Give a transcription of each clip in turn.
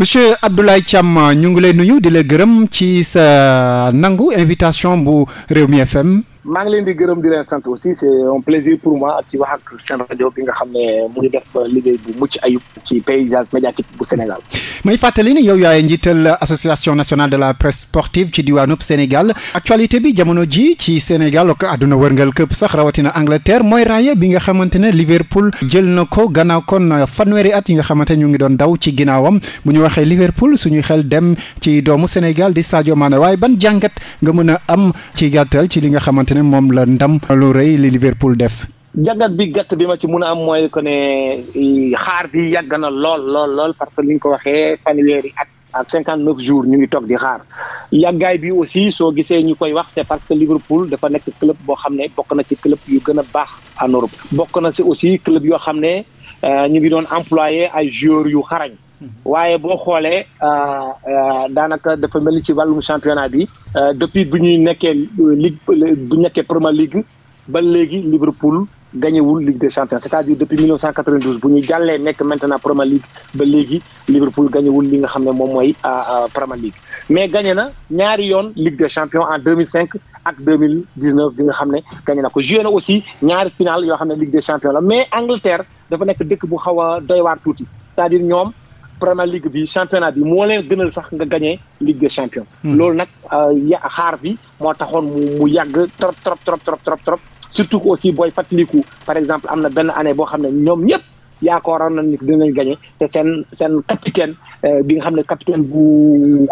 monsieur Abdoulaye Thiam ñu ngi lay nuyu di la gërëm ci sa nangu invitation bu Rewmi FM. maa ngi leen di gërëm di leen sant aussi c' est un plaisir pour ci wax ak seen bi nga xam ne mu ngi def liggéey bu mucc ayub ci paysage médiatique bu Sénégal. may fàttali ni yow yaaye njiital association nationale de la presse sportive ci diwaanub Sénégal actualité bi jamono ji ci Sénégal ak àdduna wërngal këpp sax rawatina Angleterre mooy raaya bi nga xamante ne Liverpool jël na ko gannaaw kon fanweeri at yi nga xamante ñu ngi doon daw ci ginnaawam bu ñu waxee Liverpool suñu xel dem ci doomu Sénégal di Sadio Mané waaye ban jàngat nga mën a am ci gàttal ci li nga xamante ne moom la ndam lu rëy li Liverpool def. jàngat bi gàtt bi ma ci mun a am mooy que ne xaar bi yàgg na lool lool lool parce que li ñu ko waxee fanweeri at ak cinquante neuf jours ñu ngi toog di xaar yàggaay bi aussi soo gisee ñu koy wax c'est parce que Liverpool dafa nekk club boo xam ne bokk na ci club yu gën a baax en Europe. bokk na ci aussi club yoo xam ne euh, ñu ngi doon employé ay joueurs yu xarañ. waaye boo xoolee euh, euh, daanaka dafa mel ni ci wàllum championnat bi euh, depuis bu ñuy nekkee ligue bu nekkee Premier League ba léegi Liverpool gañewul Ligue des champions c'est-à-dire depuis 1992 bu ñu jàllee nekk maintenant Premier League ba léegi Liverpool gañewul li nga xam ne moom mooy Premier League mais gañe na ñaari yoon Ligue des champions en 2005 ak 2019 bi nga xam ne gañe na ko joué na aussi ñaari final yoo xam ne Ligue des champions la mais Angleterre dafa nekk dëkk bu xaw a doy waar tuuti c'est-à-dire ñoom Premier League bi championnat bi moo leen gënal sax nga gagné Ligue des champions. Hmm. loolu nag euh, xaar bi moo taxoon mu yàgg trop trop trop trop trop trop. surtout aussi booy fàttaliku par exemple am na benn année boo xam ne ñoom ñëpp yaakaaroon nañ ni dinañ gagné te seen seen capitaine euh, bi nga xam ne capitaine bu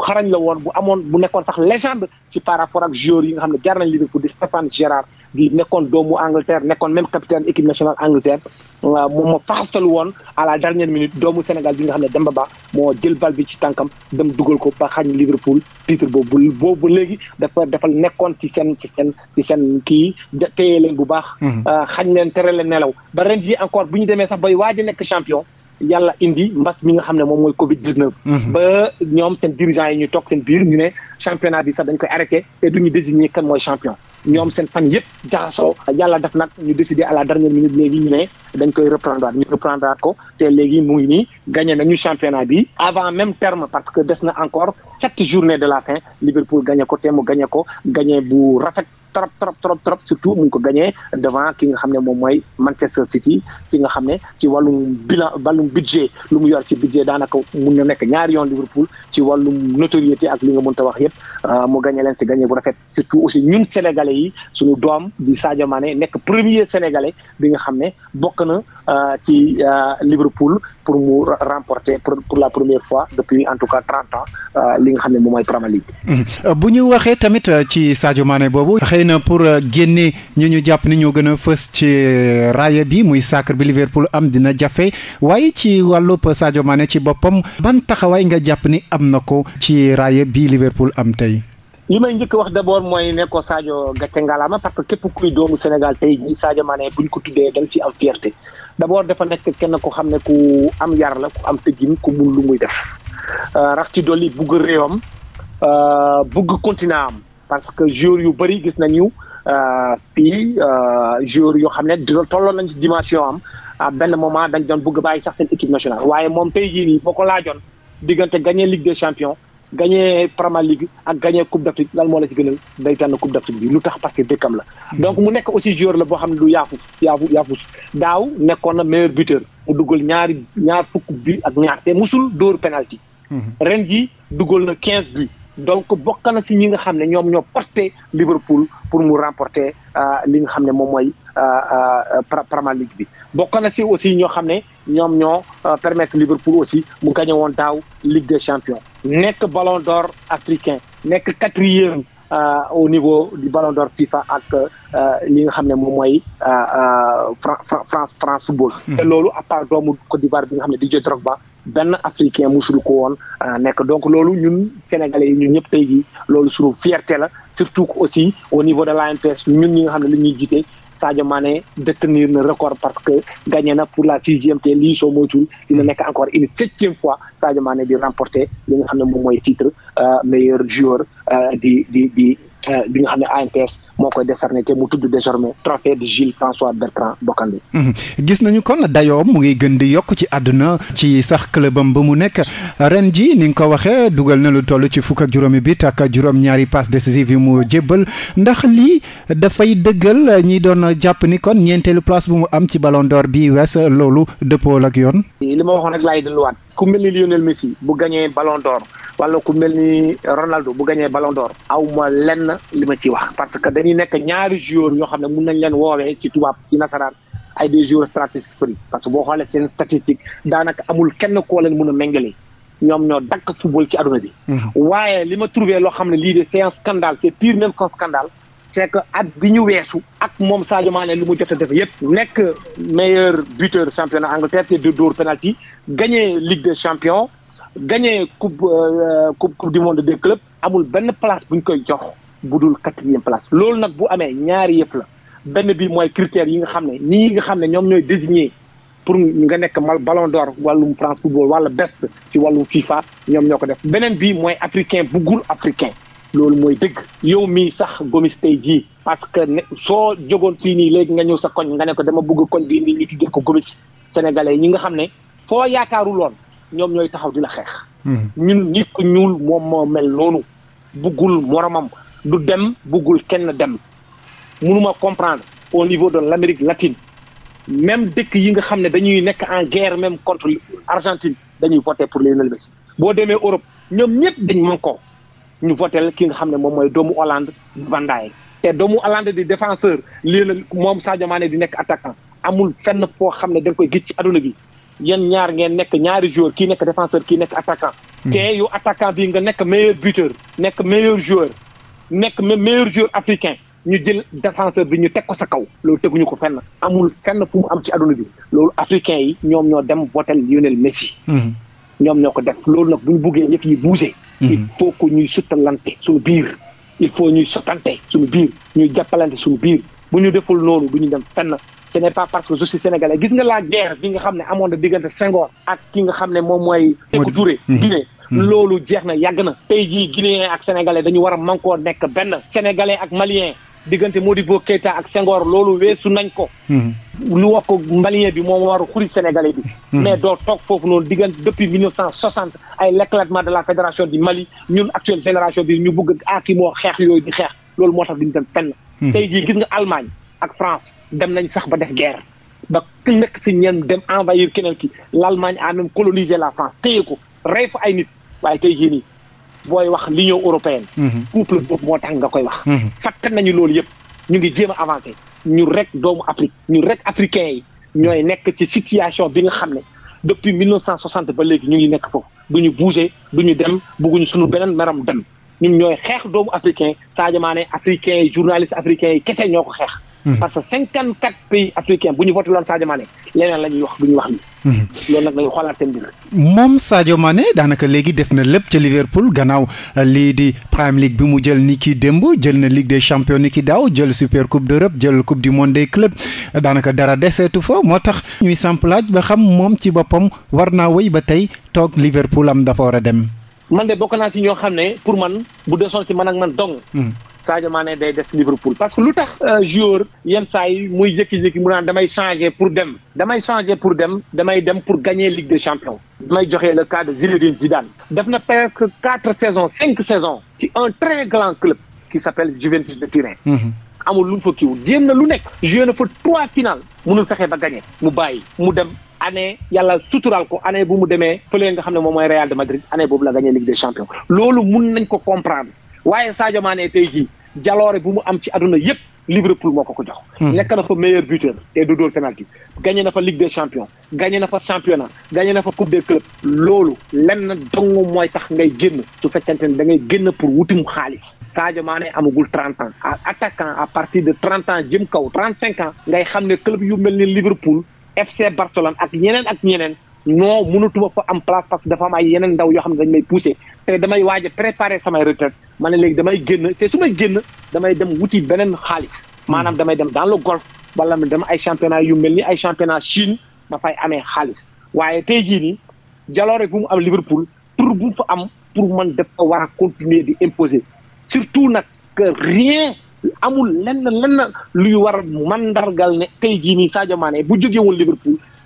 xarañ la woon bu amoon bu nekkoon sax légende ci par rapport ak joueurs yi nga xam ne jaar nañ Liverpool di Stéphane Gerrard di nekkoon doomu Angleterre nekkoon même capitaine équipe nationale Angleterre moom ma faxastalu woon à la dernière minute doomu Sénégal bi nga xam ne Demba Ba moo jël bal bi ci tànkam dem dugal ko ba xañ Liverpool titre boobu boobu léegi dafa defal nekkoon ci seen ci seen ci seen kii téye leen bu baax. Mhm. Ah, xañ leen tere leen nelaw ba ren jii encore bu ñu demee sax bay waaj a nekk champion. yàlla indi mbas mi nga xam ne moom mooy Covid 19. Mhm. ba ñoom seen dirigeants yi ñu toog seen biir ñu ne championnat bi sax dañ koy arrêté te du ñu désigné mooy champion. ñoom seen fan yëpp jaxasoo yàlla def nag ñu décidé à la dernière minute léegi ne dañ koy reprendre ñu reprendre ko te léegi mu ngi nii gagné nañu championnat bi avant même terme parce que des na encore sept journée de la fin Liverpool gagné ko te mu ko gagné bu rafet trop trop trop trop surtout mu ngi ko gañee devant ki nga xam ne moom mooy Manchester City ci nga xam ne ci wàllum bilan wàllum budget lu mu yor ci budget daanaka mun na nekk ñaari yoon Liverpool ci wàllum notoriété ak li nga mënta wax yëpp euh, mu gagné leen ci gagné bu rafet surtout aussi ñun sénégalais yi suñu doom di Sadio Mané nekk premier sénégalais bi nga xam ne bokk na Euh, ci euh, Liverpool pour mu remporter pour la première fois depuis en tout cas trente ans euh, li nga xam ne moom mooy Premier League. Mm-hmm. bu ñu waxee tamit ci Sadio Mané boobu xëy na pour génne ñi ñu jàpp ni ñoo gën a fës ci raaya bi muy sacre bi Liverpool am dina jafe waaye ci wàllub Sadio Mané ci boppam ban taxawaay nga jàpp ni am na ko ci raaya bi Liverpool am tey. li may njëkk wax d'abord mooy nekkoo ko Sadio gàcce ngalaama parce que képp kuy doomu Sénégal tey jii Sadio Mané ko tuddee ci am fierté d'abord dafa nekk kenn ku xam ne ku am yar la ku am tëggin ku mun lu muy def euh, rax ci dolli bugg réewam euh, bugg continent am parce que joueurs yu bëri gis nañu euh, fii joueurs yoo xam ne dina tolloon nañ ci dimension am à benn moment dañ doon bugg bàyyi sax seen équipe nationale waaye moom tey jii nii boo ko laajoon diggante gagné Ligue des Champions. gagné Premier League ak gagné Coupe d'Afrique lan moo la ci gënal day tànn Coupe d'Afrique bi lu tax parce que dëkkam la. Hmm. donc mu nekk aussi joueur la boo xam ne du yaafu yaafu yaafus daaw nekkoon na meilleur buteur mu dugal ñaari ñaar fukk bi ak ñaar te musul dóor penalty. Hmm. ren jii dugal na quinze bi donc bokk na si ñi nga xam ne ñoom ñoo porté Liverpool pour mu remporter euh, li nga xam ne moom mooy euh, euh, Premier League bi bokk na si aussi ñoo xam ne ñoom ñoo permettre Liverpool aussi mu gagné woon daaw Ligue des nekk ballon d'or africain nekk quatrième euh, a niveau di ballon d'or FIFA ak euh, li nga xam ne moom mooy euh, France France football. Hmm. te loolu à part doomu Côte d'Ivoire bi nga xam ne di Didier Drogba benn africain musul ko woon nekk donc loolu ñun sénégalais yi ñun ñëpp te jii loolu suñu fierté la surtout aussi au niveau de l'ANPS ñun ñi nga xam ne li ñuy jiite. Sadio Mané détenir le record parce que gagné na pour la sixième te lii so moytuwul dina nekk encore une septième fois Sadio Mané di remporter li nga xam ne moom mooy titre euh, meilleur joueur euh, di di di. Euh, bi nga xam ne ANPS moo koy décerné te mu tudd désormais trophée de Jules François Bertrand Bocandé mhm. gis nañu kon dayoom mu ngi gën di yokk ci àdduna ci sax clubam ba mu nekk ren ji ni nga ko waxee dugal na lu toll ci fukk ak juróomi bit ak juróom-ñaari passe décisive yi mu jébbal ndax lii dafay dëggal ñi doon jàpp ni kon ñeenteelu place bu mu am ci Ballon bi wees loolu dëppoo ak yoon li ma waxoon rek laay delluwaat ku mel ni Lionel Messi bu gañee Ballon d'Or wala ku mel ni Ronaldo bu gañee Ballon door aw ma lenn li ma ci wax parce que dañuy nekk ñaari joueurs yoo xam ne mun nañ leen woowee ci tubaab ci nasaraan ay des joueurs stratosphériques parce que boo xoolee seen statistique daanaka amul kenn koo leen mun a méngale ñoom ñoo dakk football ci àdduna bi. Mhm. waaye li ma trouvé loo xam ne lii de c'est un scandale c'est pire même qu'un scandale. c'est que at bi ñu weesu ak moom Sadio Mané lu mu jot a def yëpp nekk meilleur buteur championnat Angleterre te de dóor penalty gagné Ligue des champions gagné coupe euh, coupe coupe du monde de clubs amul benn place bu ñu koy jox bu dul quatrième place loolu nag bu amee ñaari yëpp la benn bi mooy critères yi nga xam ne nii nga xam ne ñoom ñooy désigné pour nga nekk mal ballon d'or wàllum France football wala best ci wàllum FIFA ñoom ñoo ko def beneen bi mooy africain bu gul loolu mooy dëgg yow mii sax Gomis tey jii parce que ne soo jógoon fii nii léegi nga ñëw sa koñ nga ne ko dama bugg koñ bii nii ñu tuddee ko Gomis sénégalais ñi nga xam ne foo yaakaaru loon ñoom ñooy taxaw di la xeex. Hmm. ñun nit ñuul moom moo mel noonu buggul moromam du dem buggul kenn dem munuma comprendre au niveau de l'Amérique latine même dëkk yi nga xam ne dañuy nekk en guerre même contre Argentine dañuy voter pour Lionel Messi boo demee Europe ñoom ñëpp dañ mën ko ñu votel ki nga xam ne moom mooy doomu Hollande Van Dijk doomu Hollande di défenseur lii la moom saa Mané di nekk attaquant amul fenn foo xam ne da koy gis ci àdduna bi yéen ñaar ngeen nekk ñaari joueur kii nekk défenseur kii nekk attaquant hmm. te yu attaquant bi nga nekk meilleur buteur nekk meilleur joueur nekk meilleur joueur africain ñu jël défenseur bi ñu teg ko sa kaw loolu teguñu ko fenn amul fenn fu mu am ci àdduna bi loolu africain yi ñoom ñoo dem votel Lionel Messi hmm. ñoom ñoo ko def loolu nag bu ñu buggee yëf yi bougé il mhm. faut que ñuy suttalante suñu biir il faut ñuy sottante suñu biir ñuy jappalante suñu biir bu ñu deful noonu bu ñu dem fenn ce n'est pas parce que je suis gis nga la guerre bi nga xam ne amoon na diggante Senghor ak ki nga xam ne moom mooy Sékou Touré mhm. Guinée mhm. loolu jeex na yàgg na tey jii Guinéen ak sénégalais dañu war a mën nekk benn sénégalais ak malien diggante moo di Modibo Keita ak Senghor loolu weesu nañ ko. Mhm. lu wax ko malien bi moom war a xuri sénégalais bi. Mhm. mais doo toog foofu noonu diggante depuis 1960 ay l'éclatement de la fédération du Mali ñun actuelle fédération bi ñu bëgg a kii moo xeex yooyu di xeex loolu moo tax duñ dem fenn. Mhm. tey jii gis nga Allemagne ak France dem nañ sax ba def guerre. ba ki nekk si ñeen dem envahir keneen ki l'Allemagne a même colonisé la France téye ko rey ay nit waaye tey jii booy wax l'union européenne. Mhm. couple boobu moo tax nga koy wax. Mhm. fàtte nañu loolu yëpp ñu ngi jéem a avancé ñu rek doomu Afrique ñu rek africain yi ñooy nekk ci situation bi nga xam ne depuis 1960 ba léegi ñu ngi nekk foofu bu ñu bougé bu ñu dem bugguñu suñu beneen meram dem ñu ñooy xeex doomu africain saa Mané africain yi journaliste africain yi kese ñoo ko xeex. Mm-hmm. parce que cinquante quatre pays africains bu ñu voté loon Sadio Mané leneen la wax du ñu wax lii. Mm-hmm. loolu nag dañuy xoolaat seen biir. moom Sadio daanaka léegi def na lépp ca Liverpool gannaaw euh, lii di Premier League bi mu jël ni ki démb jël na Ligue des champions ni ki daaw jël super coupe d'Europe jël coupe du monde des clubs daanaka dara deseetu fa moo tax ñuy samp ba xam moom ci boppam war naa wéy ba tey toog Liverpool am dafa war a dem. man de bokk pour man bu desoon si man ak man mm-hmm. Sadio Mané day des Liverpool parce que lu tax euh, joueur yenn saa yi muy jékki-jékki mu naan damay changer pour dem damay changer pour dem damay dem pour gagner Ligue des Champions damay joxe le cas de Zinedine Zidane def na presque quatre saisons cinq saisons ci un très grand club qui s'appelle Juventus de Turin mhm. amul lu mu fa kiiwul jéem na lu nekk joué na fa trois finales mënul fexe ba gagné mu bàyyi mu dem année yàlla suturaal ko année bu mu demee fële nga xam ne moom mooy Real de Madrid année boobu loolu nañ ko comprendre waaye Sadio Mané tey jii jaloore bu mu am ci àdduna yépp Liverpool moo ko ko jox. Hmm. nekk na fa meilleur buteur te du dóor gagné na fa Ligue des champions gagné na fa championnat gagné na fa coupe des clubs. loolu lenn dong mooy tax ngay génn su fekkente ne da ngay génn pour wutum xaalis. Sadio Mané amagul trente ans attaquant à partir de trente ans jëm kaw trente cinq ans. ngay xam ne club yu mel ni Liverpool FC Barcelone ak ñeneen ak ñeneen. non mënatuma fa am place parce que dafa am ay yeneen ndaw yoo xam ne dañ may poussé te damay waaj a préparer samay retraite ma ne léegi damay génn te su génn damay dem wuti beneen xaalis hmm. maanaam damay dem dans le golfe wala ma dem ay championnat yu mel ni ay championnat Chine ma fay amee xaalis waaye tey jii nii jaloore bu mu am Liverpool pour bu mu fa am pour man dafa war a continuer di imposer surtout nag que rien amul lenn lenn luy war a mandargal ne tey jii nii Sadio Mané bu jógee woon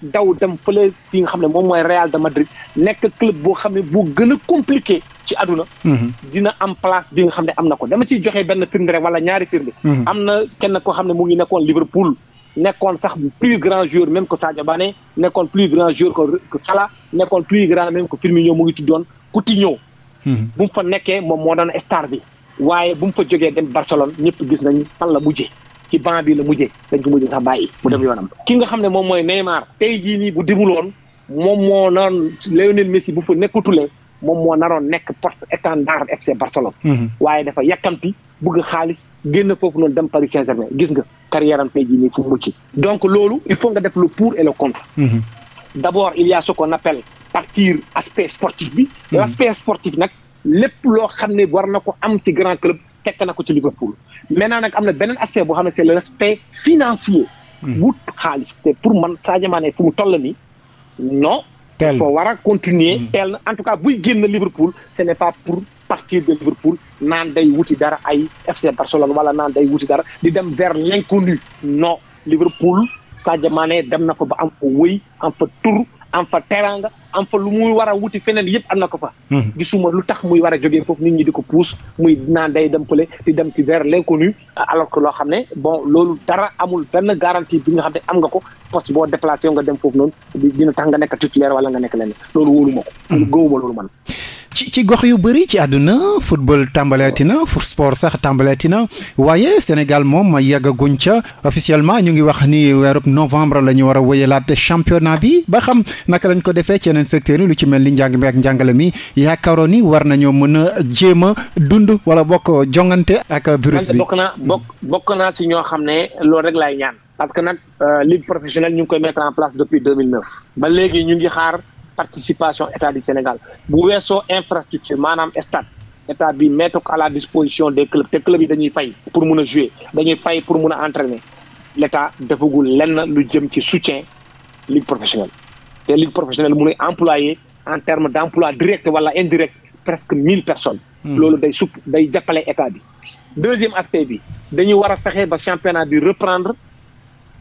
daw dem fële fi nga xam ne moom mooy Real de Madrid nekk club boo xam ne boo gën a compliqué ci àdduna. Mhm. dina am place bi nga xam ne am na ko dama ciy joxe benn firnde rek wala ñaari firnde. Mhm. am na kenn koo xam ne mu ngi nekkoon Liverpool. nekkoon sax plus grand joueur même que Sadio Mané nekkoon plus grand joueur que Salah nekkoon plus grand ko que Firmino mu ngi doon tuddoon Coutinho. Mhm. bu mu fa nekkee moom moo daan star bi. waaye bu mu fa jógee dem Barcelone ñëpp gis nañ fan la mujjee. ci banc bi la mujjee dañ ko mujj sax bàyyi mu dem yoonam ki nga xam ne moom mooy Neymar tey jii nii bu demuloon moom moo naroon Lionel Messi bu fa nekkutulee moom moo naroon nekk porte étendard FC Barcelone mhm. waaye dafa yàkkamti bugg xaalis génn foofu noonu dem Paris Saint-Germain gis nga carrière am tey jii nii fu mucc donc loolu il faut nga def lu pour et le contre mhm. d'abord il y a ce partir aspect sportif bi mhm. l'aspect sportif nag lép loo xam ne war na ko am ci grand club tekk na ko ci Liverpool maintenant nag am na beneen aspect boo xam ne c'est le respect financier. Hmm. wut xaalis te pour man Sadio Mané fu mu toll nii non. teel ko war a continuer hmm. teel na en tout cas buy génn Liverpool ce n'est pas pour partir de Liverpool naan day wuti dara ay FC Barcelone wala naan day wuti dara di dem vers l'inconnu non Liverpool Sadio Mané dem na ko ba am ko wëy am fa tur. am fa teraanga am fa lu muy war a wuti feneen yëpp am na ko fa. Hmm. gisuma lu tax muy war a jógee foofu nit ñi di ko puus muy naan day dem pële le dem ci vers l'inconnu alors que loo xam ne bon loolu dara amul benn garantie bi nga xam ne am nga ko poste boo déplacé nga dem foofu noonu dina tax nga nekk titulaire wala nga nekk leneen loolu wóolu ma ko. loolu hmm. gëwuma loolu man. ci ci gox yu bëri ci àdduna football tàmbaleeti na foot sport sax tàmbaleeti na waaye Sénégal moom yàggaguñ ca officiellement ñu ngi wax ni weerub novembre la ñu war a wëyalaat championnat bi ba xam naka lañ ko defee ci yeneen secteurs lu ci mel ni njàng mi ak njàngale mi yaakaaroon ni war nañoo mën a jéem a dund wala bokk jongante ak virus bi. bokk naa bokk bokk naa si ñoo xam ne loolu rek laay ñaan. parce que nag euh, ligue professionnelle ñu ngi koy mettre en place depuis ba léegi participation état du Sénégal bu weesoo infrastructure maanaam stade état bi mettre à la disposition des clubs te clubs yi dañuy fay pour mun a jouer dañuy fay pour mun a entraîner l' defagul lenn lu jëm ci soutien ligue professionnelle te ligue professionnelle mu ngi en terme d' emploi direct wala indirect presque mille personnes. Hmm. loolu day supp day jàppale état bi. deuxième aspect bi dañu war a fexe ba championnat bi reprendre.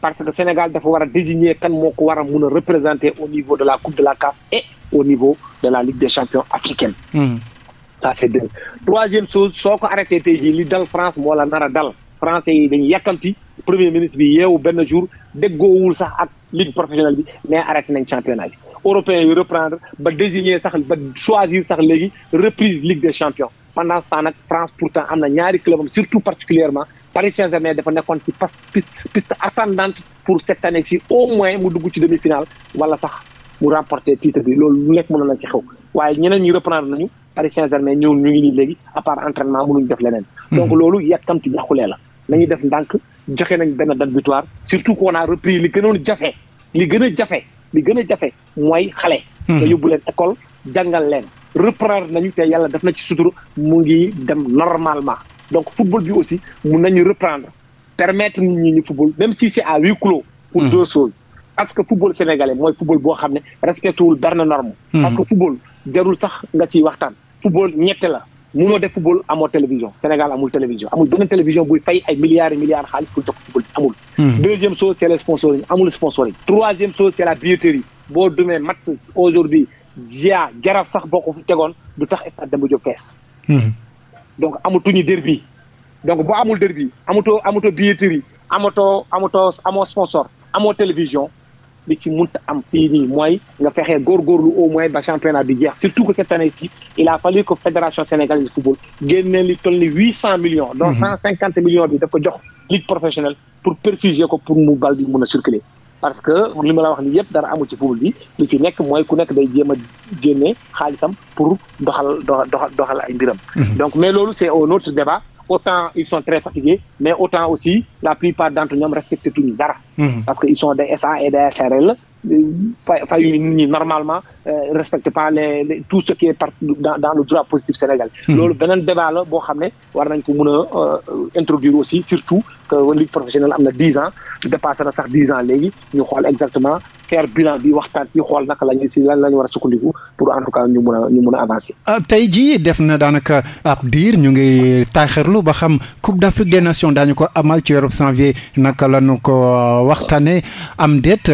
parce que Sénégal dafa war a désigner kan moo ko war a mun a représenter au niveau de la coupe de la CAF et au niveau de la ligue des champions africaine. Hmm. ça c'est deux troisième soo ko arrêté tey jii li dal France moo la nar a dal français yi dañu yàkkamti premier ministre bi yeewu benn jour déggoowul sax ak ligue professionnelle bi mais arrêté nañ championnat bi européens yi reprendre ba désigner sax ba choisir sax léegi reprise ligue des champions pendant ce na ñaari club surtout particulièrement Paris Saint-Germain dafa nekkoon ci pas piste ascendante pour cette année ci au moins mu dugg ci demi-finale wala sax mu remporter titre bi loolu lu nekk mënoon na ci xew waaye ñeneen ñi reprendre nañu Paris Saint-Germain ñëw ñu ngi nii léegi à part entraînement ñu def leneen. Mhm. donc loolu yàkkamti ñaxulee la. nañu def ndànk joxe nañ benn date butoir surtout qu'on a repris li gënoon jafe li gën a jafe li gën a jafe mooy xale. Mhm. nga yóbbu leen école jàngal leen. reprendre nañu te yàlla def na ci sutur mu ngi dem normalement. donc football bi aussi mun nañu reprendre permettre nit ñi ñu football même si c'est à huis clos pour mm. deux choses parce que football sénégalais mooy football boo xam ne respecté wul benn norme mm. parce que football jarul sax nga ciy waxtaan football ñette la mu munoo def football amoo télévision Sénégal amul télévision amul benn télévision buy fay ay milliards et milliards xaalis pour jox football amul mm. deuxième chose c'est le sponsoring amul sponsoring troisième chose c'est la billetterie boo dumee match aujourd'hui jia jaraf sax boo ko fi tegoon du tax stade Demba Diop donc amatuñu derby donc boo amul derby amatoo amatoo billetterie amatoo amatoo amoo sponsor amoo télévision li ci munta am fii nii mooy nga fexe góorgóorlu au moins ba championnat bi jeex surtout que cette année ci a fallu que fédération sénégalaise de ni huit cent millions donc mhm. cent cinquante millions bi daf jox ligue professionnelle pour perfuser ko pour mu bal bi mun a circuler parce que li ma la wax ni yëpp dara amu ci pool bi li ci nekk mooy ku nekk day jéem a génne xaalisam pour doxal doxal doxal ay mbiram. Mhm. donc mais loolu c'est un autre débat. autant ils sont très fatigués mais autant aussi la plupart d'entre ñoom respecté tuñu dara. Mhm. parce que ils sont des SA fay fayu nit ñi normalement euh, respecte pas les, tout ce qui est parti dans dans le droit positif Sénégal. Hmm. loolu beneen débat boo xam ne war nañ ko mun a euh, introduire aussi surtout que ligue am na dix ans dépassé na sax dix ans léegi ñu xool exactement faire bilan bi waxtaan ci xool naka la si lan la ñu war a sukkandiku pour en tout cas ñu mun a ñu mun a avancer. Euh, tey jii def na daanaka ab diir ñu ngi taaxirlu ba xam Coupe d'Afrique des Nations daañu ko amal ci weeru naka la ñu ko waxtaanee am déet.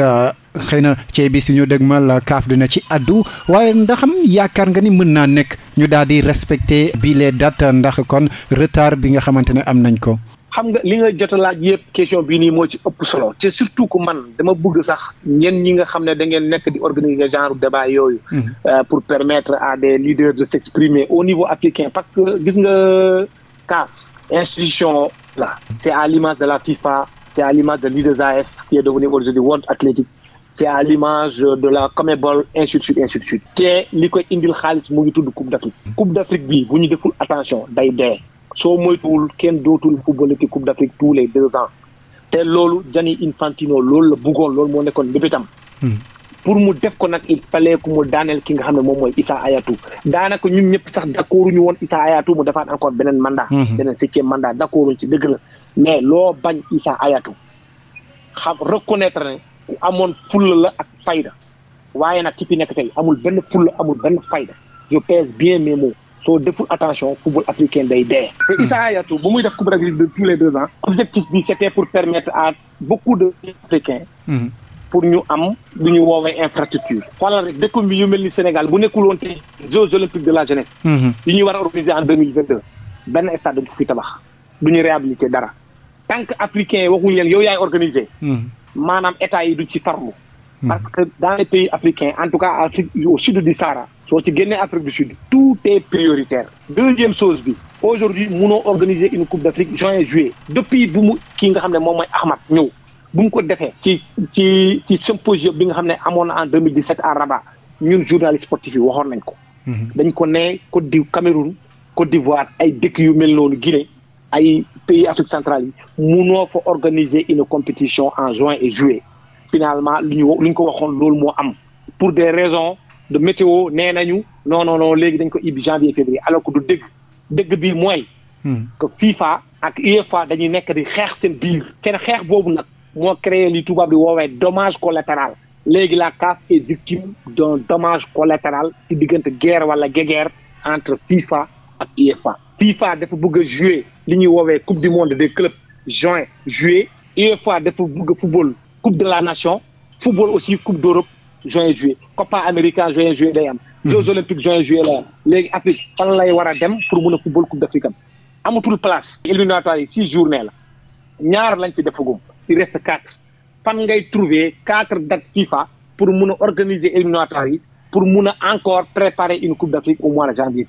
xëy na ceeb bi suñu la kaaf dina ci addu waaye ndaxam yaakaar nga ni mën naa nekk ñu daal di respecter bii les dates ndax kon retard bi nga xamante ne am nañ ko. xam nga li nga jot a laaj yëpp question bii nii moo ci ëpp solo te surtout ku man dama bëgg sax ñenn ñi nga xam ne da ngeen nekk di organiser genre débat yooyu. Mhm. Euh, pour permettre à des leaders de s'exprimer au niveau africain parce que gis nga CAF institution la c'est à l'image de la FIFA c'est à l'image de l'UDSAF qui est devenue aujourd'hui World Athletic c'est à l'image de la Comebol ainsi de suite ainsi de te li koy indil xaalis mu ngi tudd Coupe d'Afrique Coupe d'Afrique bi bu ñu deful attention day dee soo moytuwul kenn dootul football ci Coupe d'Afrique tous les deux ans te loolu Gianni Infantino loolu la bëggoon loolu moo nekkoon mbébétam hmm. pour mu def ko nag it fallait mu daaneel ki nga xam ne moom mooy Issa ayatu daanaka ñun ñëpp sax d'accordu ñu woon Issa Hayatou mu defaat encore beneen mandat. Hmm. beneen septième mandat d'accordu ci dëgg la mais loo bañ Issa Hayatou xam reconnaître ku amoon fulla la ak fayda waaye nag ki fi nekk tey amul benn fulla amul benn fayda je pèse bien mes mots soo deful attention football africain day dee te Issa Hayatou bu muy def coupe d'Afrique de tous les deux ans objectif bi c'était pour permettre à beaucoup de africains hmm. pour ñu am du ñu woowee infrastructure xoolal rek dëkk bi yu mel ni Sénégal bu nekkul woon tey Jeux olympiques de la jeunesse hmm. yi ñuy war a organiser en deux mille vingt deux benn stade dañ ko fi tabax du ñu réhabilité dara tant que africain waxuñu leen yow yaay organiser hmm. maanaam état yi du ci farlu. Hmm. parce que dans les pays africains en tout cas au sud du Sahara. soo ci génnee Afrique du Sud tout est prioritaire. deuxième chose bi. aujourd'hui munoo organiser une coupe d'Afrique juin juillet. depuis bu mu ki nga xam ne moom mooy Ahmad ñëw bu mu ko defee. ci ci ci symposium bi nga xam ne amoon na en 2017 à Rabat ñun journaliste sportif yi waxoon nañ ko. Hmm. dañ ko ne Côte du Cameroun Côte d'Ivoire ay dëkk yu mel noonu Guinée. ay pays Afrique centrale yi munoo fa organiser une compétition en juin et juillet finalement lu ñu lu ñu ko waxoon loolu moo am pour des raisons de météo nee nañu non non non léegi dañ ko ibbi janvier février alors que du dëgg dëgg bi mooy. Hmm. que FIFA ak UEFA dañuy nekk di xeex seen biir. seen xeex boobu nag moo créer li tubaab di woowee dommage collatéral. léegi la CAF est victime d'un dommage collatéral ci diggante guerre wala guéguerre entre FIFA ak UEFA. FIFA dafa bëgg a li ñuy woowee coupe du monde de clubs juin juillet UEFA dafa bëgg football coupe de la nation football aussi coupe d'Europe juin juillet Copa América juin juillet day am. Mhm. Jeux olympiques juin juillet lay am. léegi Afrique fan lay war dem pour mun a football coupe d'Afrique am amatul place. éliminatoires yi six journée la ñaar lañ ci defagum il reste quatre fan ngay trouver quatre dates FIFA pour mun organiser éliminatoires yi pour mun a encore préparer une pour mois de janvier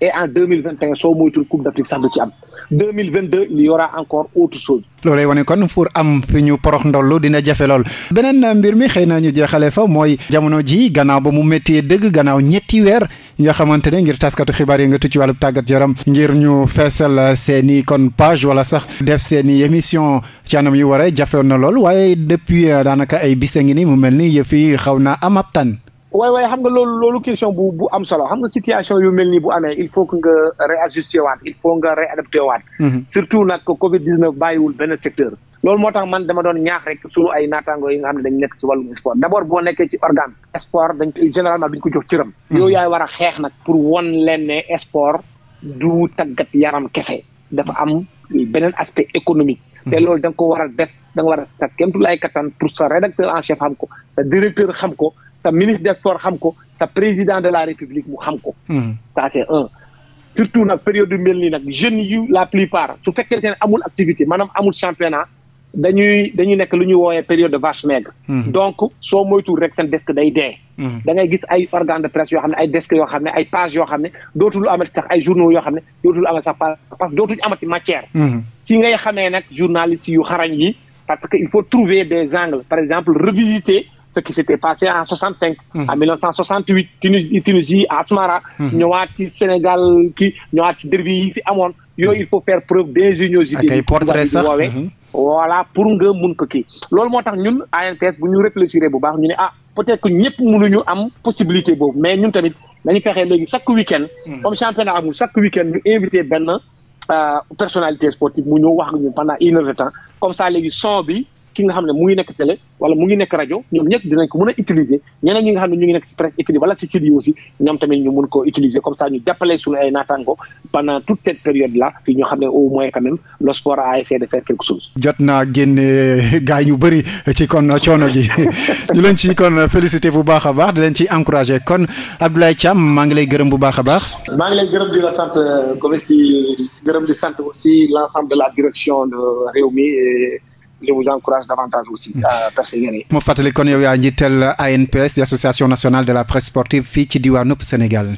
et en deux mille vingt et soo moytul coupe d' afrique ci am deux mille vingt deux il y aura encore autre chose. kon pour am fi ñu porox ndollu dina jafe lool beneen mbir mi xëy na ñu jeexale fa mooy jamono ji gannaaw ba mu méttee dëgg gannaaw ñetti weer yoo xamante ne ngir taskatu xibaar yi nga tu ci wàllu tàggat yaram ngir ñu feesal seen i kon page wala sax def seeni i émission ci anam yu waree jafewoon na lool waaye depuis daanaka ay bis ngi ni mu mel ni yëf yi xaw naa am ab tànn waaye waaye xam nga loolu loolu question bu bu am solo xam nga situation yu mel nii bu amee il faut que nga réajusté waat il faut nga réadapté waat. Mhm. surtout nag Covid 19 bàyyiwul benn secteur. loolu moo tax man dama doon ñaax rek suñu ay naataangoo yi nga xam ne dañ nekk si wàllum sport d' abord boo nekkee ci organe. sport dañ koy généralement duñ ko jox cëram. Mhm. yow yaay war a xeex nag pour won leen ne sport du tàggat yaram kese dafa am beneen aspect économique. Mhm. te loolu da nga ko war a def da nga war a sa kéemtulaay kattan pour sa rédacteur en chef xam ko sa directeur xam ko. sa ministre des sports xam ko sa président de la république mu xam ko. Hmm. ça c'est un. surtout nag période yu mel nii nag jeunes yu la plupart su fekkente ne amul activité maanaam amul championnat dañuy dañuy nekk lu ñuy woowee période de vache maigre. Hmm. donc soo moytuwul rek seen desk day dee. Hmm. da ngay gis ay organe de presse yoo xam ne ay desk yoo xam ne ay page yoo xam ne dootul amati sax ay journaux yoo xam ne dootul amati sax parce que dootuñu amati matière. ci ngay xamee nag journaliste yu xarañ yi parce que il faut trouver des angles par exemple revisiter. ce qui s'était passé en 65. Mhm. en 1968 Tunisie Tunisie Asmara. Mhm. ñëwaat ci Sénégal ki ñëwaat ci derby yi fi amoon. yo mhm. il faut faire preuve d'ingéniosité. ak ay portraits sax voilà pour nga mun ko kii. loolu moo tax ñun ANPS bu ñu réfléchir bu baax ñu ne ah peut-être que ñëpp ñu am possibilité boobu mais ñun tamit dañu fexe léegi chaque week-end. comme championnat amul chaque week-end ñu invité benn euh, personnalité sportive mu ñëw wax ak ñun pendant une heure comme ça léegi son bi. ki nga xam ne mu ngi nekk télé wala mu ngi nekk rajo ñoom ñëpp dinañ ko mën a utiliser ñeneen ñi nga xam ne ñu ngi nekk si presse écrite wala si site yi aussi ñoom tamit ñu mën ko utiliser comme ça ñu jàppale suñu ay naataango pendant toute cette période là fii ñoo xam ne au moins quand le sport a essayé de faire quelque chose. jot naa génne gars ñu bëri ci kon coono gi ñu leen ci kon félicité bu baax a baax di leen ci encouragé kon Abdoulaye Thiam maa ngi lay gërëm bu baax a baax. maa ngi lay gërëm di la sant euh, Gomis di gërëm di sant aussi l'ensemble de la direction de Rewmi je vous encourage davantage aussi fàttali kon yow yaa njiital ANPS di association nationale de la presse sportive fii ci diwaanub Sénégal.